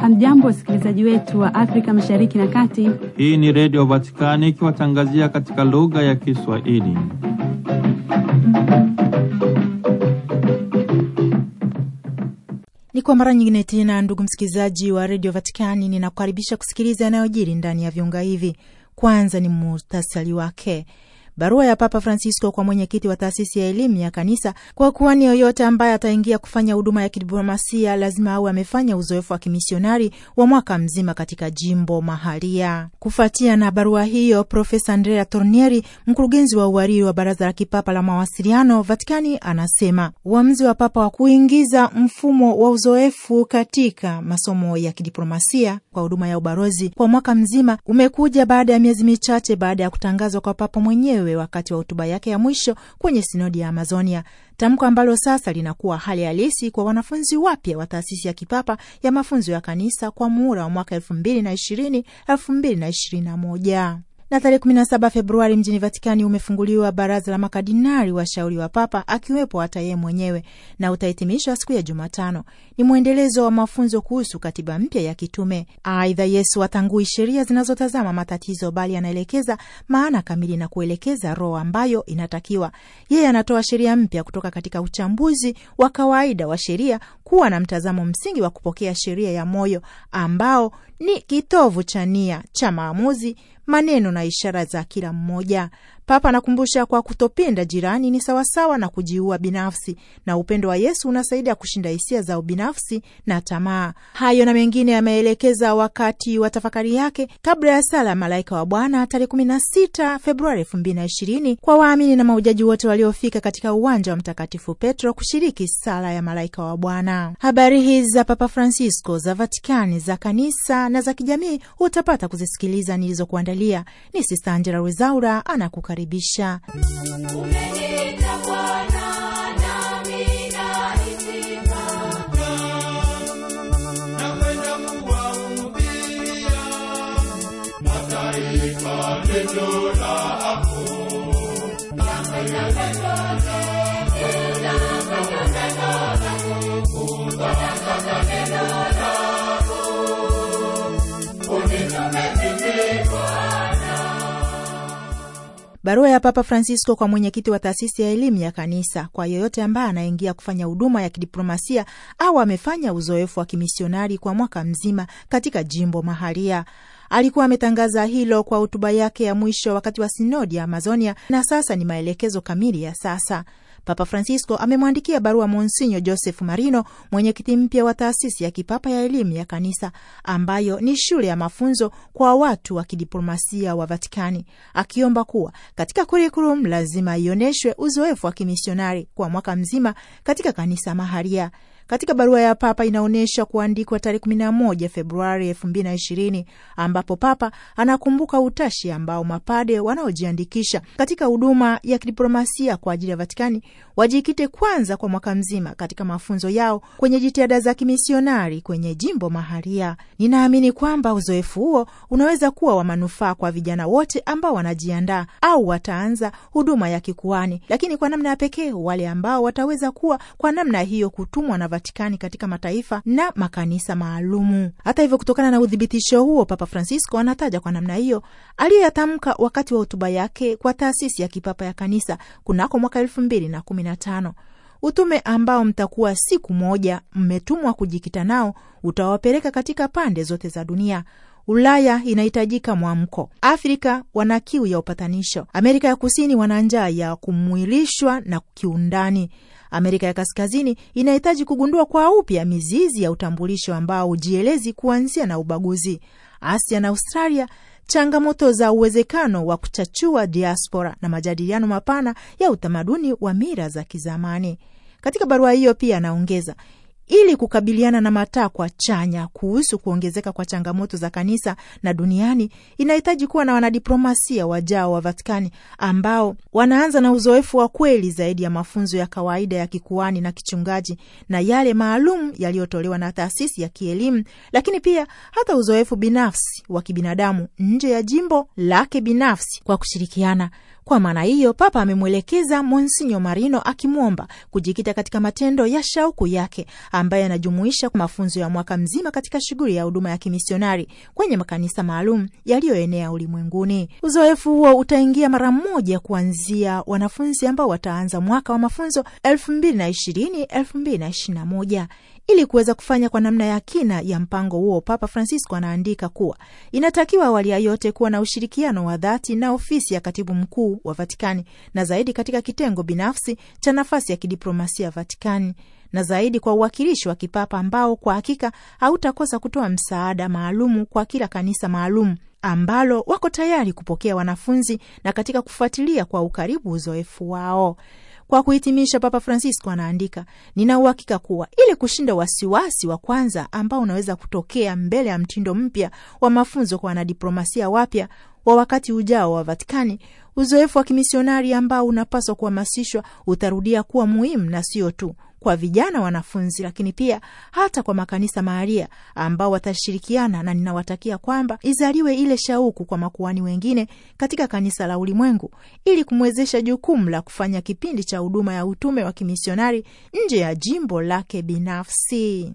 Hamjambo, wasikilizaji wetu wa Afrika Mashariki na Kati. Hii ni Redio Vatikani ikiwatangazia katika lugha ya Kiswahili. Ni kwa mara nyingine tena, ndugu msikilizaji wa Redio Vatikani, ninakukaribisha kusikiliza yanayojiri ndani ya viunga hivi. Kwanza ni muhtasari wake. Barua ya Papa Francisco kwa mwenyekiti wa taasisi ya elimu ya kanisa, kwa kuwa ni yoyote ambaye ataingia kufanya huduma ya kidiplomasia lazima awe amefanya uzoefu wa kimisionari wa mwaka mzima katika jimbo mahalia. Kufuatia na barua hiyo, Profesa Andrea Tornieri, mkurugenzi wa uhariri wa Baraza la Kipapa la Mawasiliano Vatikani, anasema uamuzi wa Papa wa kuingiza mfumo wa uzoefu katika masomo ya kidiplomasia kwa huduma ya ubarozi kwa mwaka mzima umekuja baada ya miezi michache baada ya kutangazwa kwa Papa mwenyewe mwenyewe wakati wa hotuba yake ya mwisho kwenye sinodi ya Amazonia, tamko ambalo sasa linakuwa hali halisi kwa wanafunzi wapya wa taasisi ya kipapa ya mafunzo ya kanisa kwa muhula wa mwaka elfu mbili na ishirini elfu mbili na ishirini na moja na tarehe 17 Februari mjini Vatikani umefunguliwa baraza la makadinari washauri wa Papa, akiwepo hata yeye mwenyewe na utahitimishwa siku ya Jumatano. Ni mwendelezo wa mafunzo kuhusu katiba mpya ya kitume. Aidha, Yesu atangui sheria zinazotazama matatizo, bali anaelekeza maana kamili na kuelekeza roho ambayo inatakiwa. Yeye anatoa sheria mpya kutoka katika uchambuzi wa kawaida wa sheria kuwa na mtazamo msingi wa kupokea sheria ya moyo ambao ni kitovu cha nia cha maamuzi maneno na ishara za kila mmoja. Papa anakumbusha kwa kutopenda jirani ni sawasawa na kujiua binafsi, na upendo wa Yesu unasaidia kushinda hisia za ubinafsi na tamaa. Hayo na mengine yameelekeza wakati wa tafakari yake kabla ya sala ya malaika wa Bwana tarehe 16 Februari elfu mbili na ishirini kwa waamini na maujaji wote waliofika katika uwanja wa Mtakatifu Petro kushiriki sala ya malaika wa Bwana. Habari hizi za Papa Francisco za Vatikani, za kanisa na za kijamii hutapata kuzisikiliza nilizokuandalia. Ni Sista Angela Rezaura anakukaribisha kukaribisha. Umeleta Bwana. Barua ya Papa Francisco kwa mwenyekiti wa taasisi ya elimu ya kanisa, kwa yeyote ambaye anaingia kufanya huduma ya kidiplomasia au amefanya uzoefu wa kimisionari kwa mwaka mzima katika jimbo mahalia. Alikuwa ametangaza hilo kwa hotuba yake ya mwisho wakati wa sinodi ya Amazonia, na sasa ni maelekezo kamili ya sasa. Papa Francisco amemwandikia barua Monsinyo Joseph Marino, mwenyekiti mpya wa taasisi ya kipapa ya elimu ya kanisa, ambayo ni shule ya mafunzo kwa watu wa kidiplomasia wa Vatikani, akiomba kuwa katika kurikulum lazima ionyeshwe uzoefu wa kimisionari kwa mwaka mzima katika kanisa maharia. Katika barua ya Papa inaonyesha kuandikwa tarehe 11 Februari 2020 ambapo Papa anakumbuka utashi ambao mapade wanaojiandikisha katika huduma ya kidiplomasia kwa ajili ya Vatikani wajikite kwanza kwa mwaka mzima katika mafunzo yao kwenye jitihada za kimisionari kwenye jimbo maharia. Ninaamini kwamba uzoefu huo unaweza kuwa wa manufaa kwa vijana wote ambao wanajiandaa au wataanza huduma ya kikuani, lakini kwa namna ya pekee wale ambao wataweza kuwa kwa namna hiyo kutumwa na Vatikani katika mataifa na makanisa maalumu. Hata hivyo, kutokana na uthibitisho huo, Papa Francisco anataja kwa namna hiyo aliyoyatamka wakati wa hotuba yake kwa taasisi ya kipapa ya kanisa kunako mwaka elfu mbili na kumi na tano utume ambao mtakuwa siku moja mmetumwa kujikita nao utawapeleka katika pande zote za dunia. Ulaya inahitajika mwamko, Afrika wana kiu ya upatanisho, Amerika ya Kusini wana njaa ya kumwilishwa na kiundani, Amerika ya Kaskazini inahitaji kugundua kwa upya mizizi ya utambulisho ambao hujielezi kuanzia na ubaguzi. Asia na Australia changamoto za uwezekano wa kuchachua diaspora na majadiliano mapana ya utamaduni wa mira za kizamani. Katika barua hiyo pia anaongeza, ili kukabiliana na matakwa chanya kuhusu kuongezeka kwa changamoto za kanisa na duniani, inahitaji kuwa na wanadiplomasia wajao wa Vatikani ambao wanaanza na uzoefu wa kweli zaidi ya mafunzo ya kawaida ya kikuani na kichungaji na yale maalum yaliyotolewa na taasisi ya kielimu, lakini pia hata uzoefu binafsi wa kibinadamu nje ya jimbo lake binafsi kwa kushirikiana kwa maana hiyo, Papa amemwelekeza Monsinyo Marino akimwomba kujikita katika matendo ya shauku yake ambaye yanajumuisha mafunzo ya mwaka mzima katika shughuli ya huduma ya kimisionari kwenye makanisa maalum yaliyoenea ulimwenguni. Uzoefu huo utaingia mara moja kuanzia wanafunzi ambao wataanza mwaka wa mafunzo elfu mbili na ishirini elfu mbili na ishirini na moja ili kuweza kufanya kwa namna ya kina ya mpango huo, Papa Francisco anaandika kuwa inatakiwa awali ya yote kuwa na ushirikiano wa dhati na ofisi ya katibu mkuu wa Vatikani na zaidi katika kitengo binafsi cha nafasi ya kidiplomasia Vatikani na zaidi kwa uwakilishi wa kipapa ambao kwa hakika hautakosa kutoa msaada maalumu kwa kila kanisa maalum ambalo wako tayari kupokea wanafunzi na katika kufuatilia kwa ukaribu uzoefu wao. Kwa kuhitimisha, Papa Francisco anaandika, nina uhakika kuwa ili kushinda wasiwasi wa kwanza ambao unaweza kutokea mbele ya mtindo mpya wa mafunzo kwa wanadiplomasia wapya wa wakati ujao wa Vatikani, uzoefu wa kimisionari ambao unapaswa kuhamasishwa utarudia kuwa muhimu, na sio tu kwa vijana wanafunzi, lakini pia hata kwa makanisa mahalia ambao watashirikiana, na ninawatakia kwamba izaliwe ile shauku kwa makuani wengine katika kanisa la ulimwengu, ili kumwezesha jukumu la kufanya kipindi cha huduma ya utume wa kimisionari nje ya jimbo lake binafsi.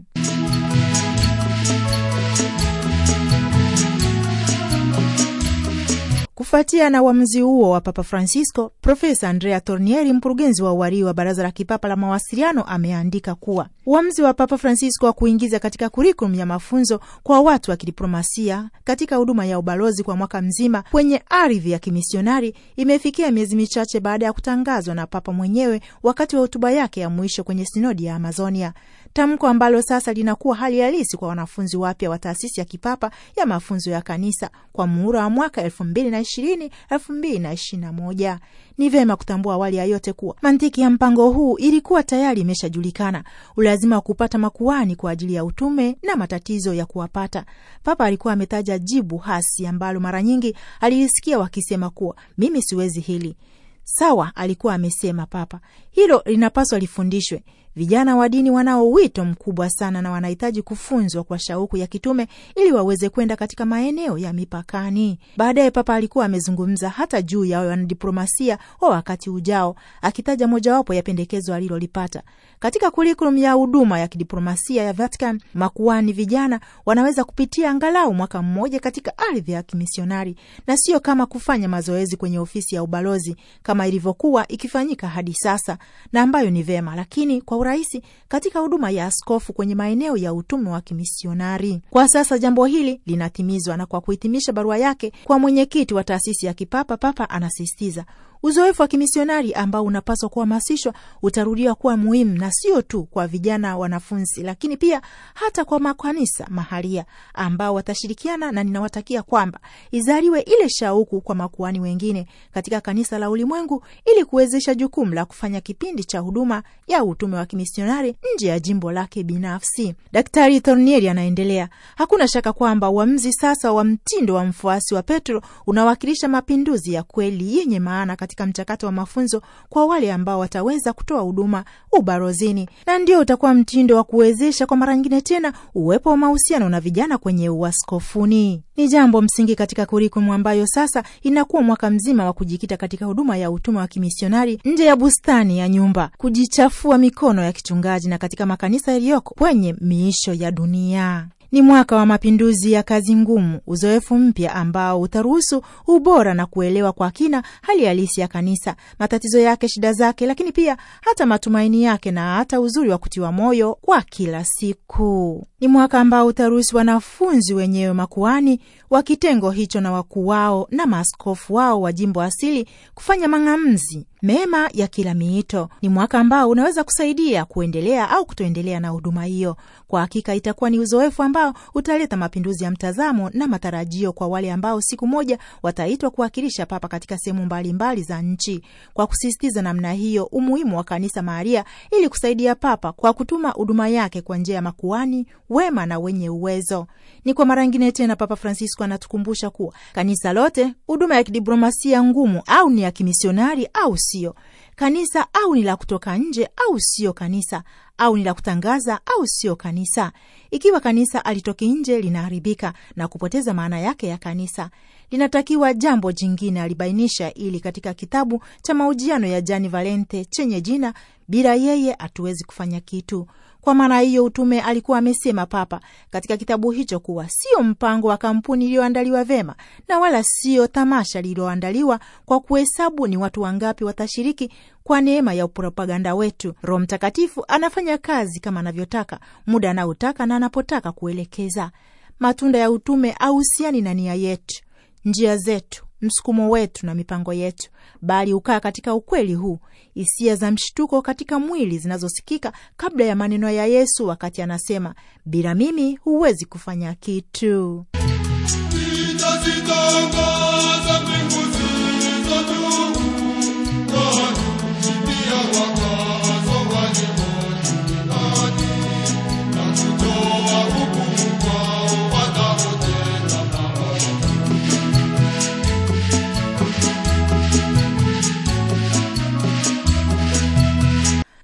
Kufuatia na uamuzi huo wa Papa Francisco, Profesa Andrea Tornieri, mkurugenzi wa uwarii wa Baraza la Kipapa la Mawasiliano, ameandika kuwa uamuzi wa Papa Francisco wa kuingiza katika kurikulum ya mafunzo kwa watu wa kidiplomasia katika huduma ya ubalozi kwa mwaka mzima kwenye ardhi ya kimisionari imefikia miezi michache baada ya kutangazwa na Papa mwenyewe wakati wa hotuba yake ya mwisho kwenye sinodi ya Amazonia tamko ambalo sasa linakuwa hali halisi kwa wanafunzi wapya wa taasisi ya kipapa ya mafunzo ya kanisa kwa muhula wa mwaka elfu mbili na ishirini elfu mbili na ishirini na moja. Ni vyema kutambua awali ya yote kuwa mantiki ya mpango huu ilikuwa tayari imeshajulikana: ulazima wa kupata makuani kwa ajili ya utume na matatizo ya kuwapata. Papa alikuwa ametaja jibu hasi ambalo mara nyingi alilisikia wakisema kuwa mimi siwezi hili. Sawa, alikuwa amesema papa, hilo linapaswa lifundishwe. Vijana wa dini wanao wito mkubwa sana na wanahitaji kufunzwa kwa shauku ya kitume ili waweze kwenda katika maeneo ya mipakani. Baadaye Papa alikuwa amezungumza hata juu ya wanadiplomasia wa wakati ujao, akitaja mojawapo ya pendekezo alilolipata katika kurikulum ya huduma ya kidiplomasia ya Vatican. Makuani vijana wanaweza kupitia angalau mwaka mmoja katika ardhi ya kimisionari na sio kama kufanya mazoezi kwenye ofisi ya ubalozi kama ilivyokuwa ikifanyika hadi sasa, na ambayo ni vema, lakini kwa urahisi katika huduma ya askofu kwenye maeneo ya utume wa kimisionari. Kwa sasa jambo hili linatimizwa, na kwa kuhitimisha barua yake kwa mwenyekiti wa taasisi ya kipapa, papa anasisitiza Uzoefu wa kimisionari ambao unapaswa kuhamasishwa utarudiwa kuwa muhimu, na sio tu kwa vijana wanafunzi, lakini pia hata kwa makanisa mahalia ambao watashirikiana, na ninawatakia kwamba izaliwe ile shauku kwa makuani wengine katika kanisa la ulimwengu, ili kuwezesha jukumu la kufanya kipindi cha huduma ya utume wa kimisionari nje ya jimbo lake binafsi. Daktari Thornieri anaendelea, hakuna shaka kwamba uamuzi sasa wa mtindo wa mfuasi wa Petro unawakilisha mapinduzi ya kweli yenye maana katika mchakato wa mafunzo kwa wale ambao wataweza kutoa huduma ubarozini, na ndio utakuwa mtindo wa kuwezesha kwa mara nyingine tena uwepo wa mahusiano na vijana kwenye uaskofuni. Ni jambo msingi katika kurikumu ambayo sasa inakuwa mwaka mzima wa kujikita katika huduma ya utume wa kimisionari nje ya bustani ya nyumba, kujichafua mikono ya kichungaji na katika makanisa yaliyoko kwenye miisho ya dunia. Ni mwaka wa mapinduzi ya kazi ngumu, uzoefu mpya ambao utaruhusu ubora na kuelewa kwa kina hali halisi ya kanisa, matatizo yake, shida zake, lakini pia hata matumaini yake na hata uzuri wa kutiwa moyo kwa kila siku. Ni mwaka ambao utaruhusu wanafunzi wenyewe makuani wa kitengo hicho na wakuu wao na maaskofu wao wa jimbo asili kufanya mang'amzi mema ya kila miito. Ni mwaka ambao unaweza kusaidia kuendelea au kutoendelea na huduma hiyo. Kwa hakika itakuwa ni uzoefu ambao utaleta mapinduzi ya mtazamo na matarajio kwa wale ambao siku moja wataitwa kuwakilisha Papa katika sehemu mbalimbali za nchi, kwa kusisitiza namna hiyo umuhimu wa kanisa mahalia ili kusaidia Papa kwa kutuma huduma yake kwa njia ya makuani wema na wenye uwezo. Ni kwa mara nyingine tena Papa Francisco anatukumbusha kuwa kanisa lote, huduma ya kidiplomasia ngumu au ni ya kimisionari au sio, kanisa au ni la kutoka nje au sio kanisa, au ni la kutangaza au sio kanisa. Ikiwa kanisa alitoki nje, linaharibika na kupoteza maana yake ya kanisa. Linatakiwa jambo jingine, alibainisha ili katika kitabu cha mahojiano ya Gianni Valente chenye jina bila yeye hatuwezi kufanya kitu. Kwa maana hiyo, utume alikuwa amesema Papa katika kitabu hicho kuwa sio mpango wa kampuni iliyoandaliwa vema na wala sio tamasha lililoandaliwa kwa kuhesabu ni watu wangapi watashiriki kwa neema ya upropaganda wetu. Roho Mtakatifu anafanya kazi kama anavyotaka, muda anaotaka na anapotaka kuelekeza. Matunda ya utume ahusiani na nia yetu, njia zetu msukumo wetu na mipango yetu, bali hukaa katika ukweli huu, hisia za mshtuko katika mwili zinazosikika kabla ya maneno ya Yesu wakati anasema, bila mimi huwezi kufanya kitu.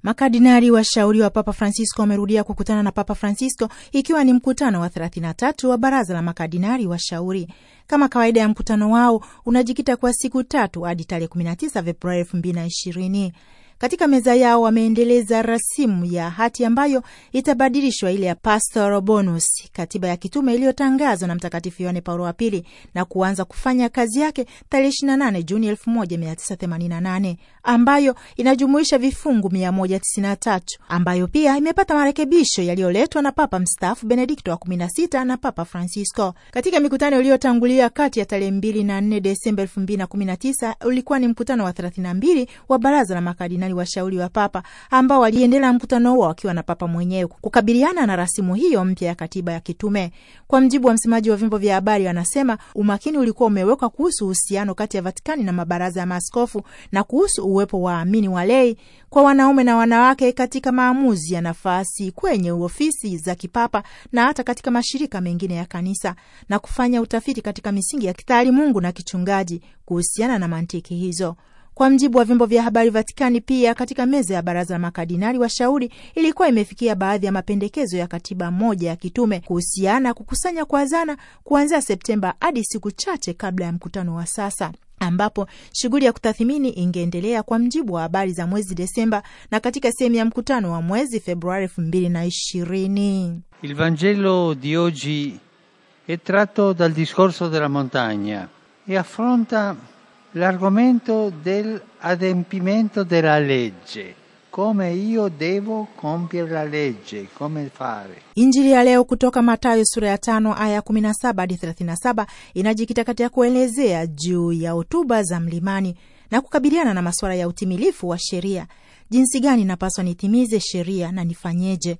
Makardinali washauri wa Papa Francisco wamerudia kukutana na Papa Francisco ikiwa ni mkutano wa 33 wa baraza la makardinali washauri. Kama kawaida ya mkutano wao unajikita kwa siku tatu hadi tarehe 19 Februari 2020. Katika meza yao wameendeleza rasimu ya hati ambayo itabadilishwa ile ya Pastoral Bonus, katiba ya kitume iliyotangazwa na Mtakatifu Yohane Paulo wa Pili na kuanza kufanya kazi yake tarehe 28 Juni 1988 ambayo inajumuisha vifungu 193 ambayo pia imepata marekebisho yaliyoletwa na Papa mstaafu Benedikto wa 16 na Papa Francisco katika mikutano iliyotangulia kati ya tarehe 2 na 4 Desemba 2019. Ulikuwa ni mkutano wa 32 wa baraza la makadinali makuhani washauri wa papa ambao waliendelea mkutano huo wakiwa na papa mwenyewe kukabiliana na rasimu hiyo mpya ya katiba ya kitume. Kwa mjibu wa msemaji wa vyombo vya habari, anasema umakini ulikuwa umewekwa kuhusu uhusiano kati ya Vatikani na mabaraza ya maaskofu na kuhusu uwepo wa waamini walei kwa wanaume na wanawake katika maamuzi ya nafasi kwenye ofisi za kipapa na hata katika mashirika mengine ya kanisa na kufanya utafiti katika misingi ya kitaalimungu na kichungaji kuhusiana na mantiki hizo. Kwa mjibu wa vyombo vya habari Vatikani, pia katika meza ya baraza la makardinali washauri ilikuwa imefikia baadhi ya mapendekezo ya katiba moja ya kitume kuhusiana kukusanya kwa zana kuanzia Septemba hadi siku chache kabla ya mkutano wa sasa ambapo shughuli ya kutathimini ingeendelea kwa mjibu wa habari za mwezi Desemba na katika sehemu ya mkutano wa mwezi Februari elfu mbili na ishirini. Il Vangelo di oggi è tratto dal discorso della montagna e affronta l'argomento dell'adempimento della legge come io devo compiere la legge, come fare. Injili ya leo kutoka Mathayo sura ya tano aya kumi na saba hadi thelathini na saba inajikita katika kuelezea juu ya hotuba za mlimani na kukabiliana na masuala ya utimilifu wa sheria. Jinsi gani inapaswa nitimize sheria na nifanyeje?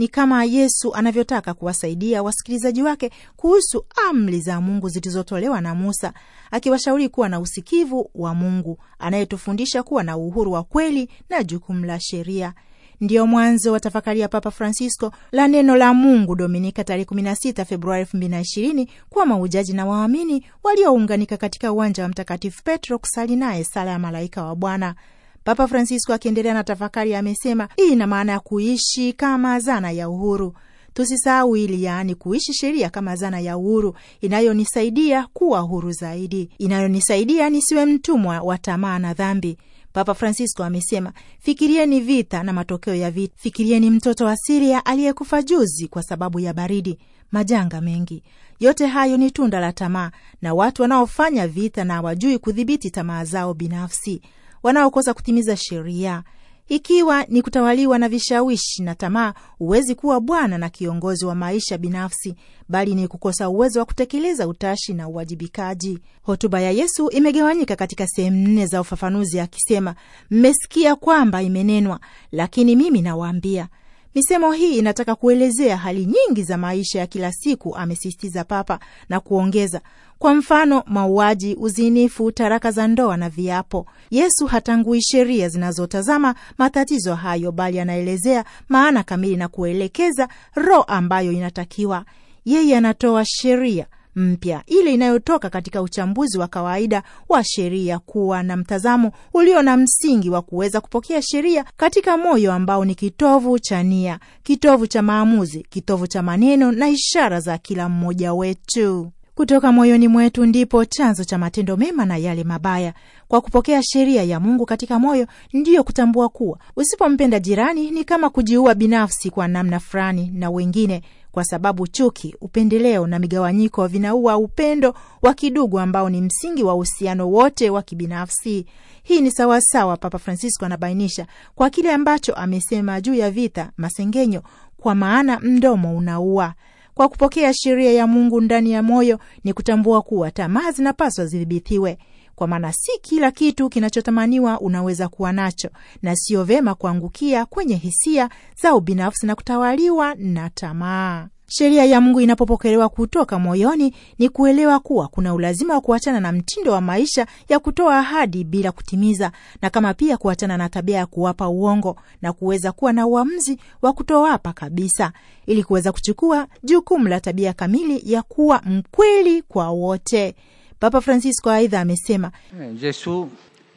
ni kama Yesu anavyotaka kuwasaidia wasikilizaji wake kuhusu amri za Mungu zilizotolewa na Musa, akiwashauri kuwa na usikivu wa Mungu anayetufundisha kuwa na uhuru wa kweli na jukumu la sheria. Ndiyo mwanzo wa tafakari ya Papa Francisco la neno la Mungu Dominika tarehe 16 Februari 2020 kwa maujaji na waamini waliounganika katika uwanja wa Mtakatifu Petro kusali naye sala ya malaika wa Bwana. Papa Francisco akiendelea na tafakari amesema hii ina maana ya kuishi kama zana ya uhuru. Tusisahau hili, yaani kuishi sheria kama zana ya uhuru inayonisaidia kuwa huru zaidi, inayonisaidia nisiwe mtumwa wa tamaa na dhambi. Papa Francisco amesema fikirieni vita na matokeo ya vita, fikirieni mtoto wa Siria aliyekufa juzi kwa sababu ya baridi, majanga mengi. Yote hayo ni tunda la tamaa na watu wanaofanya vita na hawajui kudhibiti tamaa zao binafsi wanaokosa kutimiza sheria. Ikiwa ni kutawaliwa na vishawishi na tamaa, huwezi kuwa bwana na kiongozi wa maisha binafsi, bali ni kukosa uwezo wa kutekeleza utashi na uwajibikaji. Hotuba ya Yesu imegawanyika katika sehemu nne za ufafanuzi, akisema mmesikia kwamba imenenwa, lakini mimi nawaambia. Misemo hii inataka kuelezea hali nyingi za maisha ya kila siku, amesisitiza Papa na kuongeza kwa mfano mauaji, uzinifu, taraka za ndoa na viapo. Yesu hatangui sheria zinazotazama matatizo hayo, bali anaelezea maana kamili na kuelekeza roho ambayo inatakiwa. Yeye anatoa sheria mpya ile inayotoka katika uchambuzi wa kawaida wa sheria, kuwa na mtazamo ulio na msingi wa kuweza kupokea sheria katika moyo ambao ni kitovu cha nia, kitovu cha maamuzi, kitovu cha maneno na ishara za kila mmoja wetu kutoka moyoni mwetu ndipo chanzo cha matendo mema na yale mabaya. Kwa kupokea sheria ya Mungu katika moyo, ndiyo kutambua kuwa usipompenda jirani ni kama kujiua binafsi kwa namna fulani na wengine, kwa sababu chuki, upendeleo na migawanyiko vinaua upendo wa kidugu ambao ni msingi wa uhusiano wote wa kibinafsi. Hii ni sawasawa, Papa Francisco anabainisha kwa kile ambacho amesema juu ya vita, masengenyo, kwa maana mdomo unaua. Kwa kupokea sheria ya Mungu ndani ya moyo ni kutambua kuwa tamaa zinapaswa zidhibitiwe, kwa maana si kila kitu kinachotamaniwa unaweza kuwa nacho, na sio vema kuangukia kwenye hisia za ubinafsi na kutawaliwa na tamaa. Sheria ya Mungu inapopokelewa kutoka moyoni, ni kuelewa kuwa kuna ulazima wa kuachana na mtindo wa maisha ya kutoa ahadi bila kutimiza, na kama pia kuachana na tabia ya kuwapa uongo na kuweza kuwa na uamuzi wa kutoapa kabisa, ili kuweza kuchukua jukumu la tabia kamili ya kuwa mkweli kwa wote. Papa Francisco aidha amesema eh, jesu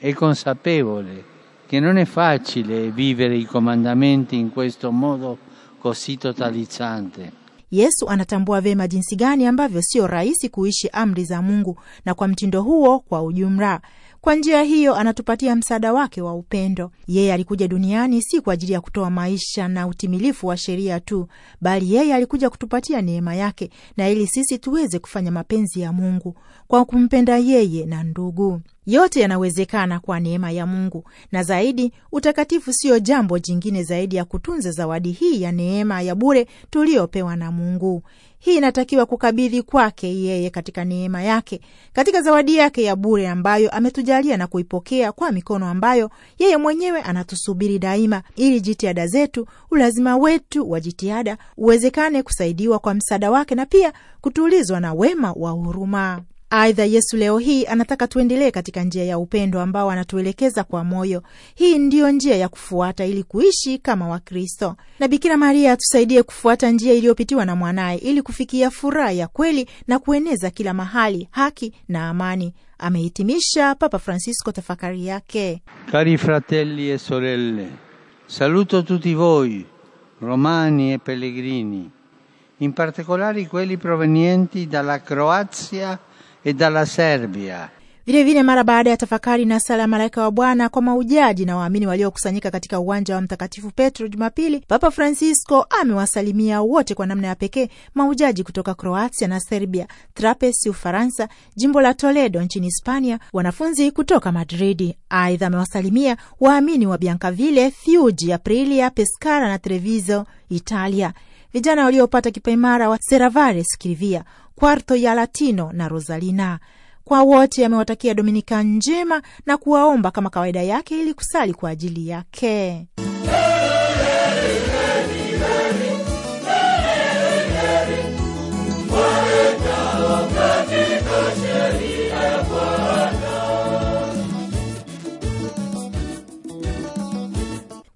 e consapevole che non è facile vivere i comandamenti in questo modo così totalizzante Yesu anatambua vyema jinsi gani ambavyo sio rahisi kuishi amri za Mungu na kwa mtindo huo kwa ujumla. Kwa njia hiyo anatupatia msaada wake wa upendo. Yeye alikuja duniani si kwa ajili ya kutoa maisha na utimilifu wa sheria tu, bali yeye alikuja kutupatia neema yake, na ili sisi tuweze kufanya mapenzi ya Mungu kwa kumpenda yeye na ndugu. Yote yanawezekana kwa neema ya Mungu, na zaidi, utakatifu siyo jambo jingine zaidi ya kutunza zawadi hii ya neema ya bure tuliyopewa na Mungu. Hii inatakiwa kukabidhi kwake yeye katika neema yake, katika zawadi yake ya bure ambayo ametujalia na kuipokea kwa mikono ambayo yeye mwenyewe anatusubiri daima, ili jitihada zetu, ulazima wetu wa jitihada uwezekane kusaidiwa kwa msaada wake na pia kutulizwa na wema wa huruma. Aidha, Yesu leo hii anataka tuendelee katika njia ya upendo ambao anatuelekeza kwa moyo. Hii ndiyo njia ya kufuata ili kuishi kama Wakristo, na Bikira Maria atusaidie kufuata njia iliyopitiwa na mwanaye ili kufikia furaha ya kweli na kueneza kila mahali haki na amani. Amehitimisha Papa Francisco tafakari yake. Cari fratelli e sorelle saluto tutti voi romani e pellegrini in particolari quelli provenienti dalla Croazia e dalla Serbia. Vilevile, mara baada ya tafakari na sala ya malaika wa Bwana kwa maujaji na waamini waliokusanyika katika uwanja wa Mtakatifu Petro Jumapili, Papa Francisco amewasalimia wote kwa namna ya pekee maujaji kutoka Kroatia na Serbia, Trapesi Ufaransa, jimbo la Toledo nchini Hispania, wanafunzi kutoka Madridi. Aidha, amewasalimia waamini wa Biancaville, Fiuji, Aprilia, Pescara na Treviso, Italia, vijana waliopata kipaimara wa Seravare Scrivia Kwarto ya Latino na Rosalina. Kwa wote amewatakia Dominika njema na kuwaomba kama kawaida yake ili kusali kwa ajili yake.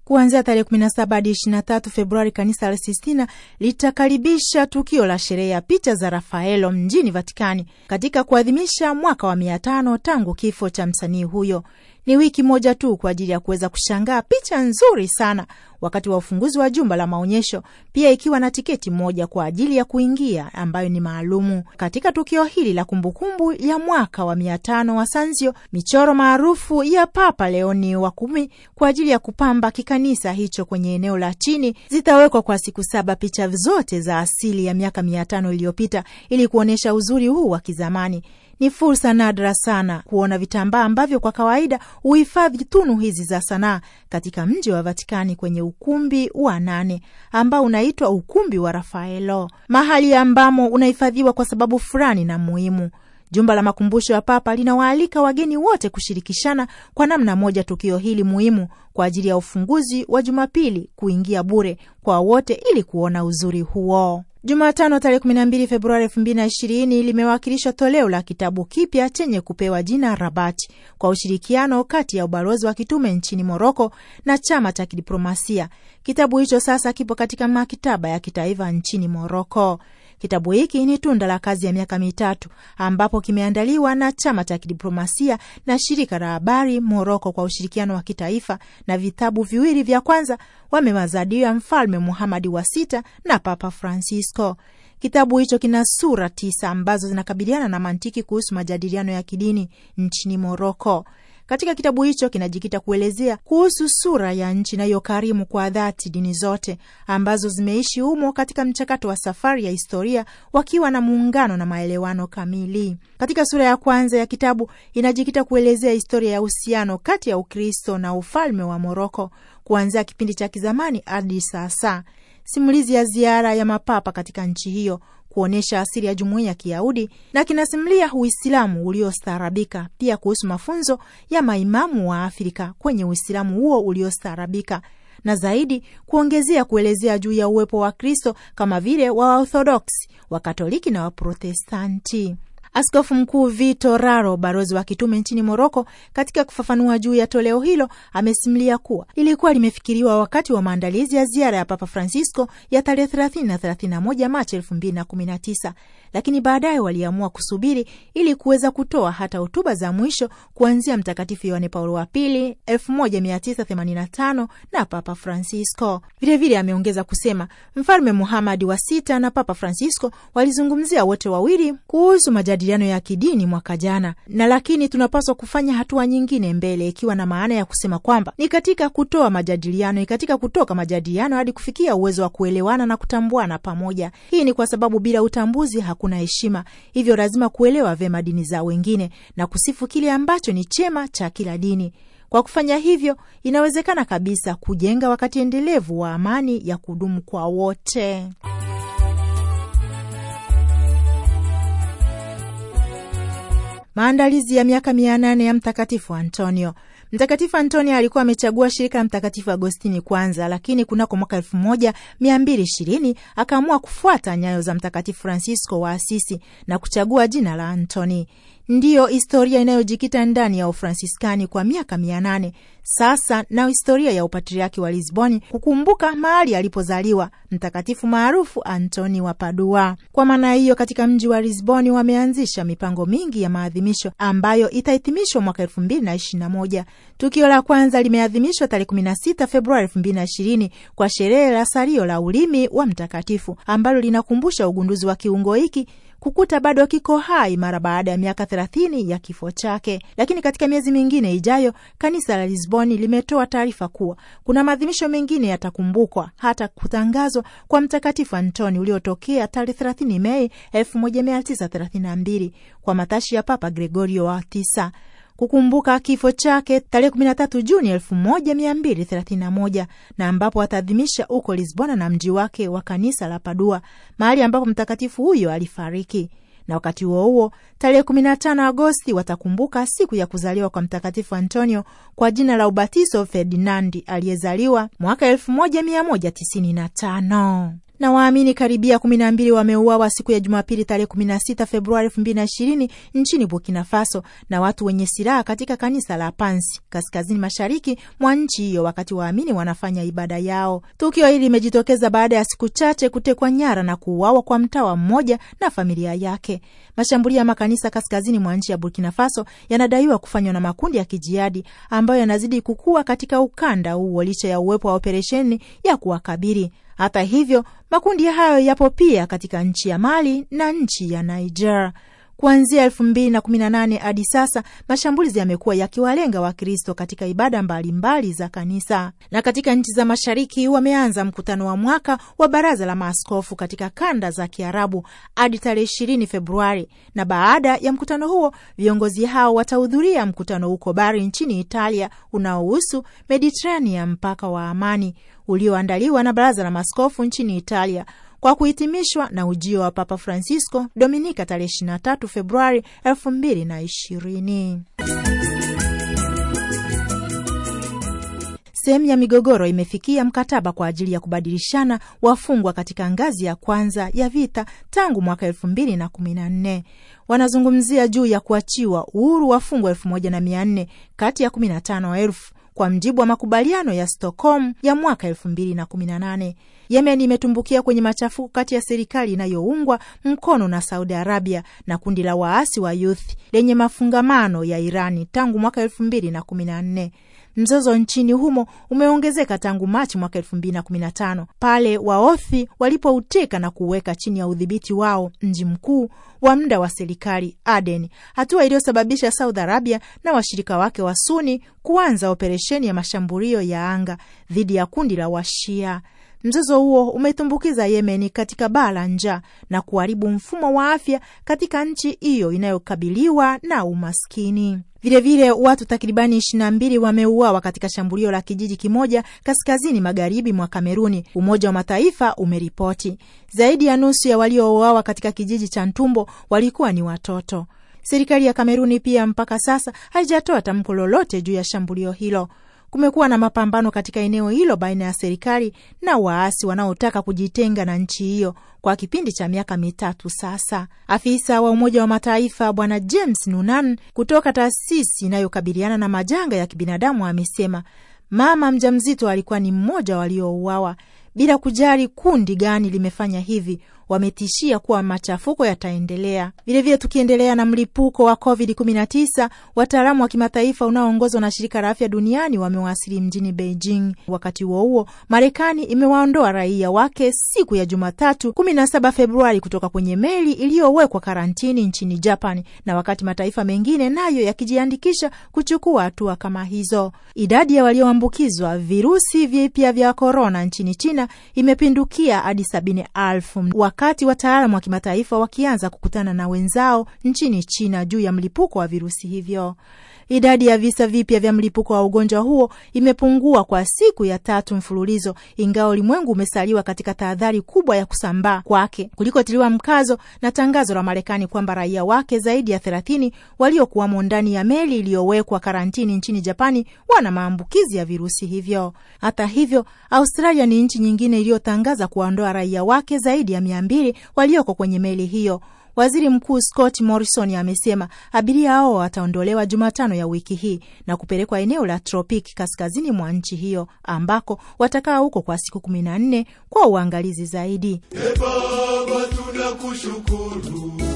Kuanzia tarehe 17 hadi 23 Februari, kanisa la Sistina litakaribisha tukio la sherehe ya picha za Rafaelo mjini Vatikani katika kuadhimisha mwaka wa mia tano tangu kifo cha msanii huyo. Ni wiki moja tu kwa ajili ya kuweza kushangaa picha nzuri sana wakati wa ufunguzi wa jumba la maonyesho, pia ikiwa na tiketi moja kwa ajili ya kuingia ambayo ni maalumu katika tukio hili la kumbukumbu ya mwaka wa mia tano wa Sanzio, michoro maarufu ya Papa Leoni wa kumi kwa ajili ya kupamba kikanisa hicho kwenye eneo la chini. Zitawekwa kwa siku saba picha zote za asili ya miaka mia tano iliyopita ili kuonyesha uzuri huu wa kizamani. Ni fursa nadra sana kuona vitambaa ambavyo kwa kawaida huhifadhi tunu hizi za sanaa katika mji wa Vatikani kwenye ukumbi wa nane ambao unaitwa ukumbi wa Rafaelo, mahali ambamo unahifadhiwa kwa sababu fulani na muhimu. Jumba la makumbusho ya Papa linawaalika wageni wote kushirikishana kwa namna moja tukio hili muhimu kwa ajili ya ufunguzi wa Jumapili, kuingia bure kwa wote ili kuona uzuri huo. Jumatano tarehe 12 Februari 2020 limewakilishwa toleo la kitabu kipya chenye kupewa jina Rabati kwa ushirikiano kati ya ubalozi wa kitume nchini Moroko na chama cha kidiplomasia. Kitabu hicho sasa kipo katika maktaba ya kitaifa nchini Moroko. Kitabu hiki ni tunda la kazi ya miaka mitatu ambapo kimeandaliwa na chama cha kidiplomasia na shirika la habari Moroko kwa ushirikiano wa kitaifa, na vitabu viwili vya kwanza wamewazadiwa Mfalme Muhamadi wa Sita na Papa Francisco. Kitabu hicho kina sura tisa ambazo zinakabiliana na mantiki kuhusu majadiliano ya kidini nchini Moroko. Katika kitabu hicho kinajikita kuelezea kuhusu sura ya nchi inayokarimu kwa dhati dini zote ambazo zimeishi humo katika mchakato wa safari ya historia, wakiwa na muungano na maelewano kamili. Katika sura ya kwanza ya kitabu inajikita kuelezea historia ya uhusiano kati ya Ukristo na ufalme wa Moroko kuanzia kipindi cha kizamani hadi sasa, simulizi ya ziara ya mapapa katika nchi hiyo kuonyesha asili ya jumuiya ya Kiyahudi na kinasimulia Uislamu uliostaarabika, pia kuhusu mafunzo ya maimamu wa Afrika kwenye Uislamu huo uliostaarabika na zaidi kuongezea kuelezea juu ya uwepo wa Kristo kama vile wa Waorthodoksi, Wakatoliki na Waprotestanti. Askofu Mkuu Vito Raro, barozi wa kitume nchini Moroko, katika kufafanua juu ya toleo hilo amesimulia kuwa lilikuwa limefikiriwa wakati wa maandalizi ya ziara ya Papa Francisco ya tarehe 30 na 31 Machi 2019 lakini baadaye waliamua kusubiri ili kuweza kutoa hata hotuba za mwisho kuanzia Mtakatifu Yohane Paulo wa Pili 1985 na Papa Francisco. Vilevile ameongeza kusema Mfalme Muhamadi wa Sita na Papa Francisco walizungumzia wote wawili kuhusu majadiliano ya kidini mwaka jana, na lakini tunapaswa kufanya hatua nyingine mbele, ikiwa na maana ya kusema kwamba ni katika kutoa majadiliano, ni katika kutoka majadiliano hadi kufikia uwezo wa kuelewana na kutambuana pamoja. Hii ni kwa sababu bila utambuzi hakuna heshima, hivyo lazima kuelewa vyema dini za wengine na kusifu kile ambacho ni chema cha kila dini. Kwa kufanya hivyo, inawezekana kabisa kujenga wakati endelevu wa amani ya kudumu kwa wote. Maandalizi ya miaka mia nane ya Mtakatifu Antonio. Mtakatifu Antonio alikuwa amechagua shirika la Mtakatifu Agostini kwanza, lakini kunako mwaka elfu moja mia mbili ishirini akaamua kufuata nyayo za Mtakatifu Francisco wa Asisi na kuchagua jina la Antoni ndiyo historia inayojikita ndani ya Ufransiskani kwa miaka mia nane sasa, na historia ya upatriaki wa Lisboni kukumbuka mahali alipozaliwa mtakatifu maarufu Antoni wa Padua. Kwa maana hiyo, katika mji wa Lisboni wameanzisha mipango mingi ya maadhimisho ambayo itahitimishwa mwaka elfu mbili na ishirini na moja. Tukio la kwanza limeadhimishwa tarehe kumi na sita Februari elfu mbili na ishirini kwa sherehe la salio la ulimi wa mtakatifu ambalo linakumbusha ugunduzi wa kiungo hiki kukuta bado kiko hai mara baada ya miaka thelathini ya kifo chake. Lakini katika miezi mingine ijayo, kanisa la Lisboni limetoa taarifa kuwa kuna maadhimisho mengine yatakumbukwa hata kutangazwa kwa Mtakatifu Antoni uliotokea tarehe thelathini Mei mbili kwa matashi ya Papa Gregorio wa tisa kukumbuka kifo chake tarehe 13 Juni 1231 na ambapo ataadhimisha huko Lisbona na mji wake wa kanisa la Padua, mahali ambapo mtakatifu huyo alifariki na wakati huo huo tarehe 15 Agosti watakumbuka siku ya kuzaliwa kwa Mtakatifu Antonio kwa jina la ubatizo Ferdinandi, aliyezaliwa mwaka 1195 na waamini karibia kumi na mbili wameuawa siku ya Jumapili tarehe kumi na sita Februari elfu mbili na ishirini nchini Burkina Faso na watu wenye silaha katika kanisa la Pansi kaskazini mashariki mwa nchi hiyo, wakati waamini wanafanya ibada yao. Tukio hili limejitokeza baada ya siku chache kutekwa nyara na kuuawa kwa mtawa mmoja na familia yake. Mashambulio ya makanisa kaskazini mwa nchi ya Burkina Faso yanadaiwa kufanywa na makundi ya kijihadi ambayo yanazidi kukua katika ukanda huo licha ya uwepo wa operesheni ya kuwakabili hata hivyo, makundi hayo yapo pia katika nchi ya Mali na nchi ya Niger. Kuanzia elfu mbili na kumi na nane hadi sasa mashambulizi yamekuwa yakiwalenga Wakristo katika ibada mbalimbali mbali za kanisa. Na katika nchi za Mashariki wameanza mkutano wa mwaka wa baraza la maaskofu katika kanda za Kiarabu hadi tarehe ishirini Februari, na baada ya mkutano huo viongozi hao watahudhuria mkutano huko Bari nchini Italia unaohusu Mediterania, mpaka wa amani ulioandaliwa na baraza la maaskofu nchini Italia kwa kuhitimishwa na ujio wa Papa Francisco Dominika tarehe 23 Februari 2020. Sehemu ya migogoro imefikia mkataba kwa ajili ya kubadilishana wafungwa katika ngazi ya kwanza ya vita tangu mwaka elfu mbili na kumi na nne. Wanazungumzia juu ya kuachiwa uhuru wafungwa elfu moja na mia nne kati ya kumi na tano elfu kwa mjibu wa makubaliano ya Stockholm ya mwaka 2018. Yemen imetumbukia kwenye machafuko kati ya serikali inayoungwa mkono na Saudi Arabia na kundi la waasi wa Youth lenye mafungamano ya Irani tangu mwaka 2014. Mzozo nchini humo umeongezeka tangu Machi mwaka elfu mbili na kumi na tano pale Waothi walipouteka na kuuweka chini ya udhibiti wao mji mkuu wa muda wa serikali Aden, hatua iliyosababisha Saudi Arabia na washirika wake wa Suni kuanza operesheni ya mashambulio ya anga dhidi ya kundi la Washia Mzozo huo umetumbukiza Yemeni katika baa la njaa na kuharibu mfumo wa afya katika nchi hiyo inayokabiliwa na umaskini. Vilevile watu takribani ishirini na mbili wameuawa katika shambulio la kijiji kimoja kaskazini magharibi mwa Kameruni, Umoja wa Mataifa umeripoti. Zaidi ya nusu ya waliouawa katika kijiji cha Ntumbo walikuwa ni watoto. Serikali ya Kameruni pia mpaka sasa haijatoa tamko lolote juu ya shambulio hilo. Kumekuwa na mapambano katika eneo hilo baina ya serikali na waasi wanaotaka kujitenga na nchi hiyo kwa kipindi cha miaka mitatu sasa. Afisa wa Umoja wa Mataifa Bwana James Nunan kutoka taasisi inayokabiliana na majanga ya kibinadamu amesema mama mjamzito alikuwa ni mmoja waliouawa bila kujali kundi gani limefanya hivi, wametishia kuwa machafuko yataendelea. Vilevile, tukiendelea na mlipuko wa COVID-19, wataalamu wa kimataifa unaoongozwa na shirika la afya duniani wamewasili mjini Beijing. Wakati huo huo, Marekani imewaondoa raia wake siku ya Jumatatu 17 Februari kutoka kwenye meli iliyowekwa karantini nchini Japan, na wakati mataifa mengine nayo yakijiandikisha kuchukua hatua kama hizo. Idadi ya walioambukizwa virusi vipya vya korona nchini China imepindukia hadi sabini elfu wakati wataalamu wa kimataifa wakianza kukutana na wenzao nchini China juu ya mlipuko wa virusi hivyo. Idadi ya visa vipya vya mlipuko wa ugonjwa huo imepungua kwa siku ya tatu mfululizo, ingawa ulimwengu umesaliwa katika tahadhari kubwa ya kusambaa kwake kulikotiliwa mkazo na tangazo la Marekani kwamba raia wake zaidi ya thelathini waliokuwamo ndani ya meli iliyowekwa karantini nchini Japani wana maambukizi ya virusi hivyo. Hata hivyo, Australia ni nchi nyingine iliyotangaza kuwaondoa raia wake zaidi ya mia mbili walioko kwenye meli hiyo. Waziri Mkuu Scott Morrison amesema abiria hao wataondolewa Jumatano ya wiki hii na kupelekwa eneo la tropiki kaskazini mwa nchi hiyo ambako watakaa huko kwa siku kumi na nne kwa uangalizi zaidi. E Baba, tunakushukuru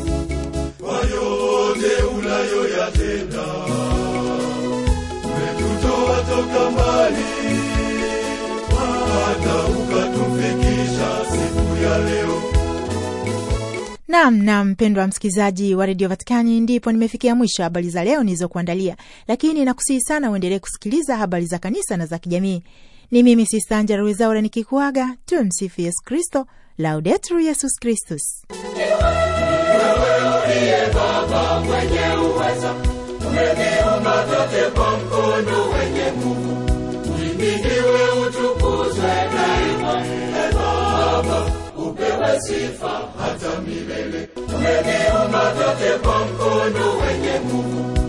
Nam na mpendwa msikilizaji wa redio Vatikani, ndipo nimefikia mwisho habari za leo nilizokuandalia, lakini nakusihi sana uendelee kusikiliza habari za kanisa na za kijamii. Ni mimi Sista Angela Rwezaura nikikuaga. Tuwe msifu Yesu Kristo, Laudetur Yesus Kristus. Wewe Baba mwenye uweza, umeviumba vyote kwa mkono sifa hata milele. Umeniumba vyote kwa mkono wenye nguvu